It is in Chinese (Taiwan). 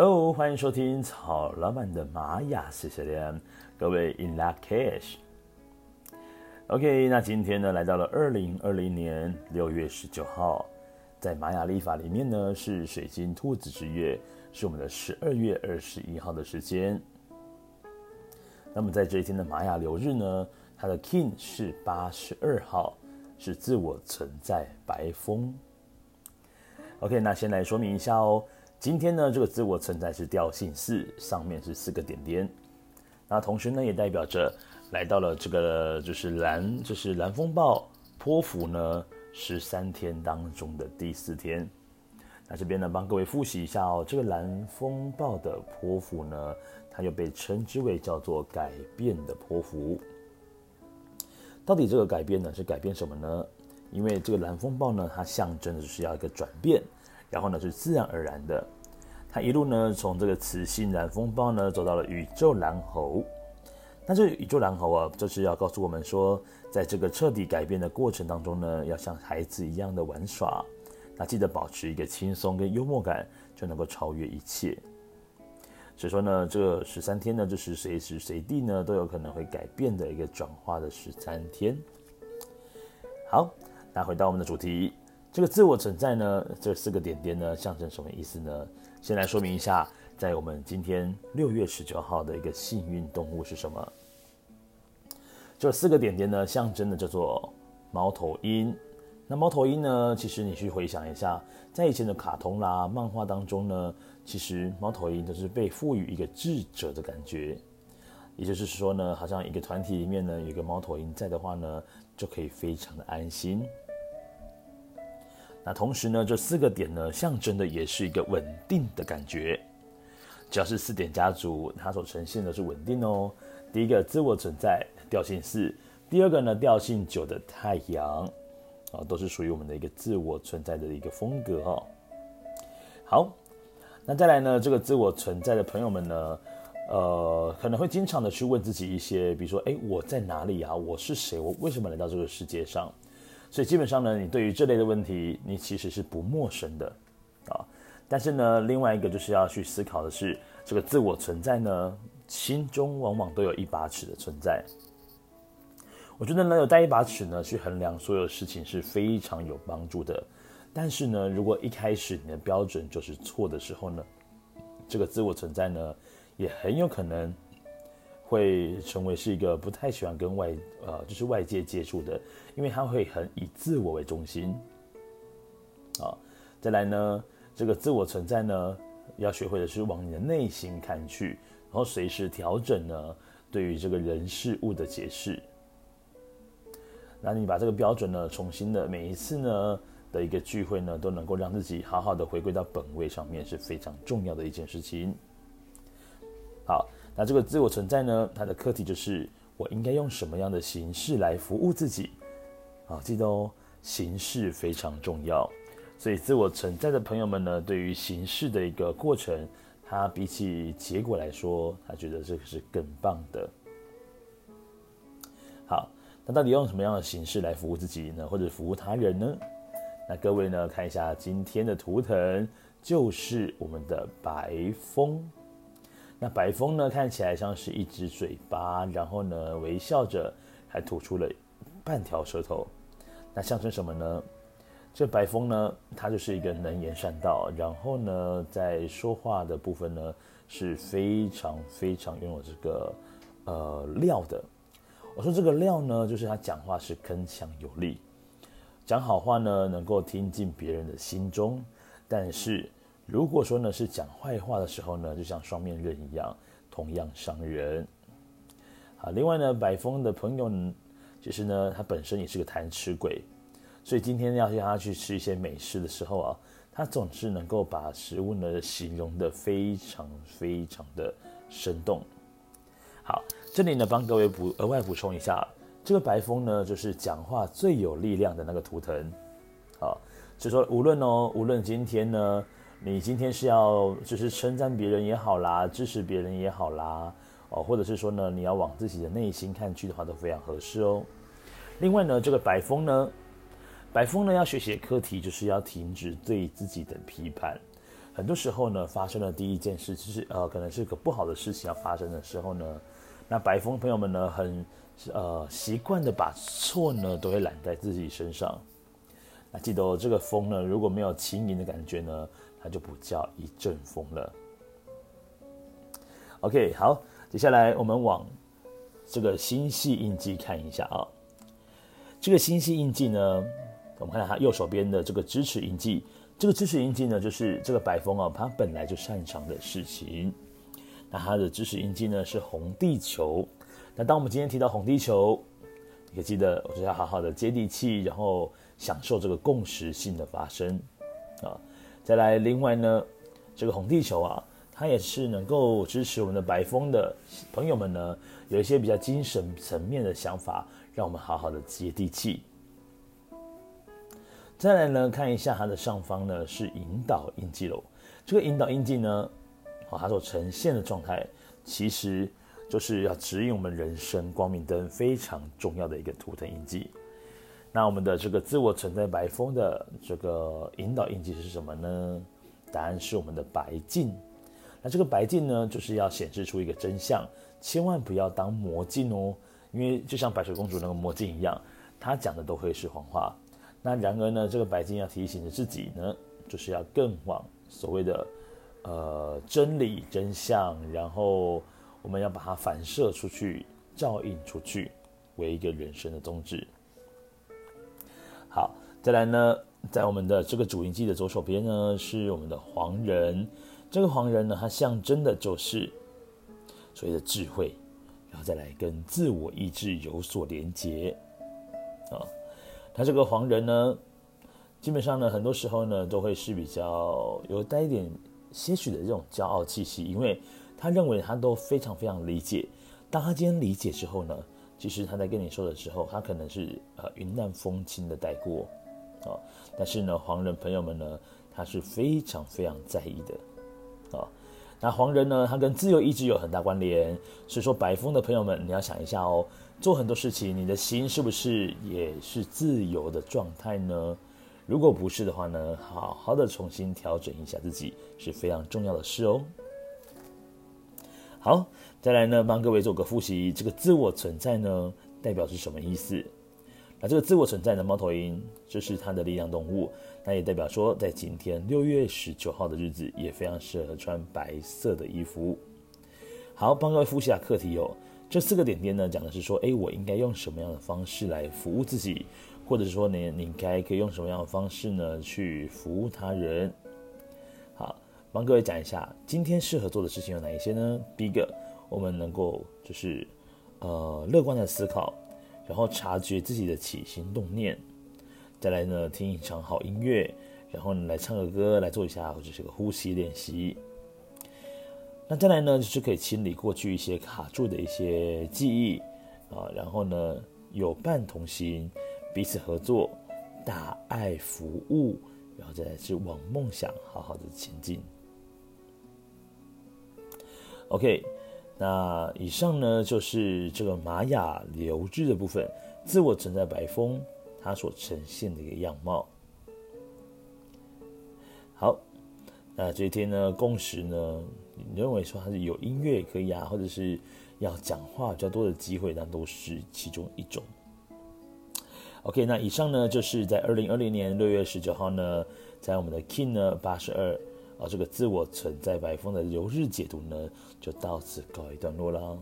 Hello，歡迎收聽草老闆的瑪雅世界謝謝，各位 In Lak'ech。OK，那今天呢，來到了二零二零年六月十九號，在瑪雅曆法裡面呢，是水晶兔子之月，是我們的十二月二十一號的時間。那麼在這一天的瑪雅流日呢，它的 Kin 是八十二號，是自我存在白風。OK，那先來說明一下哦。今天呢，這個自我存在是調性四，上面是四個點點。那同時呢，也代表着來到了這個就是藍，就是藍風暴波符呢十三天當中的第四天。那這邊呢，幫各位複習一下哦，這個藍風暴的波符呢，它又被稱之為叫做改變的波符。到底這個改變呢，是改變什麼呢？因為這個藍風暴呢，它象徵的是要一個轉變。然後呢，是自然而然的，他一路呢從這個磁性藍風暴呢走到了宇宙藍猴，那這宇宙藍猴啊，就是要告訴我們說，在這個徹底改變的過程當中呢，要像孩子一樣的玩耍，那記得保持一個輕鬆跟幽默感，就能夠超越一切。所以說呢，這十三天呢，就是隨時隨地呢都有可能會改變的一個轉化的十三天。好，那回到我們的主題。這個自我存在呢，這四個點點呢，象徵什麼意思呢？先來說明一下，在我們今天六月十九號的一個幸運動物是什麼？這四個點點呢，象徵的叫做貓頭鷹。那貓頭鷹呢，其實你去回想一下，在以前的卡通啦、漫畫當中呢，其實貓頭鷹都是被賦予一個智者的感覺。也就是說呢，好像一個團體裡面呢，有一個貓頭鷹在的話呢，就可以非常的安心。那同時呢，這四個點呢，象徵的也是一個穩定的感覺。只要是四點家族，它所呈現的是穩定哦。第一個自我存在調性四，第二個呢調性九的太陽啊，都是屬於我們的一個自我存在的一個風格哦。好，那再來呢，這個自我存在的朋友們呢，呃，可能會經常的去問自己一些，比如說，哎、欸，我在哪裡啊？我是誰？我為什麼來到這個世界上？所以基本上呢，你對於這類的問題，你其實是不陌生的，啊、哦。但是呢，另外一個就是要去思考的是，這個自我存在呢，心中往往都有一把尺的存在。我覺得呢，有帶一把尺呢去衡量所有事情是非常有幫助的。但是呢，如果一開始你的標準就是錯的時候呢，這個自我存在呢，也很有可能。會成為是一個不太喜歡跟外，呃，就是外界接觸的，因為他會很以自我為中心。好，再來呢，這個自我存在呢，要學會的是往你的內心看去，然後隨時調整呢，對於這個人事物的解釋。那你把這個標準呢，重新的每一次呢的一個聚會呢，都能夠讓自己好好的回歸到本位上面，是非常重要的一件事情。好。那這個自我存在呢，它的課題就是我應該用什麼樣的形式來服務自己？好，記得哦，形式非常重要。所以自我存在的朋友們呢，對於形式的一個過程，它比起結果來說，他覺得這個是更棒的。好，那到底用什麼樣的形式來服務自己呢？或者服務他人呢？那各位呢，看一下今天的圖騰就是我們的白風。那白風呢，看起來像是一隻嘴巴，然後呢，微笑着，還吐出了半條舌頭。那象徵什麼呢？這白風呢，它就是一個能言善道，然後呢，在說話的部分呢，是非常非常擁有這個呃料的。我說這個料呢，就是他講話是鏗鏘有力，講好話呢，能夠聽進別人的心中，但是，如果說呢是講壞話的時候呢，就像雙面刃一樣，同樣傷人。好，另外呢，白風的朋友，其實呢，他本身也是個貪吃鬼，所以今天要約他去吃一些美食的時候啊，他總是能夠把食物呢形容得非常非常的生動。好，這裡呢幫各位補額外補充一下，這個白風呢，就是講話最有力量的那個圖騰。好，所以說無論哦，無論今天呢。你今天是要就是稱讚別人也好啦，支持別人也好啦，哦，或者是說呢，你要往自己的內心看去的話，都非常合適哦。另外呢，這個白風，呢白風呢要學習的課題就是要停止對自己的批判。很多時候呢，發生了第一件事，就是呃，可能是個不好的事情要發生的時候呢，那白風朋友們呢，很呃習慣的把錯呢都會攬在自己身上。記得哦，這個風呢，如果沒有輕盈的感覺呢，它就不叫一陣風了。OK，好，接下來我們往這個星系印記看一下啊、哦。這個星系印記呢，我們看到它右手邊的這個支持印記，這個支持印記呢，就是這個白風啊，它本來就擅長的事情。那它的支持印記呢是紅地球。那當我們今天提到紅地球，你可以記得我就要好好的接地氣，然後。享受這個共時性的發生，啊，再來，另外呢，這個紅地球啊，它也是能夠支持我們的白風的朋友們呢，有一些比較精神層面的想法，讓我們好好的接地氣。再來呢，看一下它的上方呢，是引導印記嘍。這個引導印記呢，好，它所呈現的狀態，其實就是要指引我們人生光明燈非常重要的一個圖騰印記。那我們的這個自我存在白風的這個引導印記是什麼呢？答案是我們的白鏡。那這個白鏡呢，就是要顯示出一個真相，千萬不要當魔鏡哦，因為就像白雪公主那個魔鏡一樣，她講的都會是謊話。那然而呢，這個白鏡要提醒著自己呢，就是要更往所謂的呃真理真相，然後我們要把它反射出去，照映出去，為一個人生的宗旨。好，再來呢，在我們的這個主印記的左手邊呢，是我們的黃人。這個黃人呢，他象徵的就是所謂的智慧，然後再來跟自我意志有所連接。啊、哦，他這個黃人呢，基本上呢，很多時候呢，都會是比較有帶一點些許的這種驕傲氣息，因為他認為他都非常非常理解。當他今天理解之後呢？其實他在跟你說的時候，他可能是呃雲淡風輕的帶過，但是呢，黃人朋友們呢，他是非常非常在意的，啊，那黃人呢，他跟自由意志有很大關聯，所以說白風的朋友們，你要想一下哦，做很多事情，你的心是不是也是自由的狀態呢？如果不是的話呢，好好的重新調整一下自己是非常重要的事哦。好。再來呢，幫各位做個複習，這個自我存在呢，代表是什麼意思？那這個自我存在的貓頭鷹，這是它的力量動物，那也代表說，在今天六月十九號的日子，也非常適合穿白色的衣服。好，幫各位複習下課題有、哦、這四個點點呢，講的是說，哎、欸，我應該用什麼樣的方式來服務自己，或者是說你，你你應該可以用什麼樣的方式呢，去服務他人？好，幫各位講一下，今天適合做的事情有哪一些呢？第一個。我們能夠就是，呃，樂觀的思考，然後察覺自己的起心動念，再來呢，聽一場好音樂，然後你來唱個歌，來做一下或者是個呼吸練習。那再來呢，就是可以清理過去一些卡住的一些記憶啊，然後呢有伴同行，彼此合作，大愛服務，然後再來是往夢想好好的前進。OK。那以上呢，就是這個瑪雅流日的部分，自我存在白風它所呈現的一個樣貌。好，那這一天呢，共識呢，你認為說它是有音樂也可以啊，或者是要講話比較多的機會，那都是其中一種。OK，那以上呢，就是在二零二零年六月十九號呢，在我們的 Kin 八十二。而、啊、這個自我存在白風的流日解讀呢，就到此告一段落了。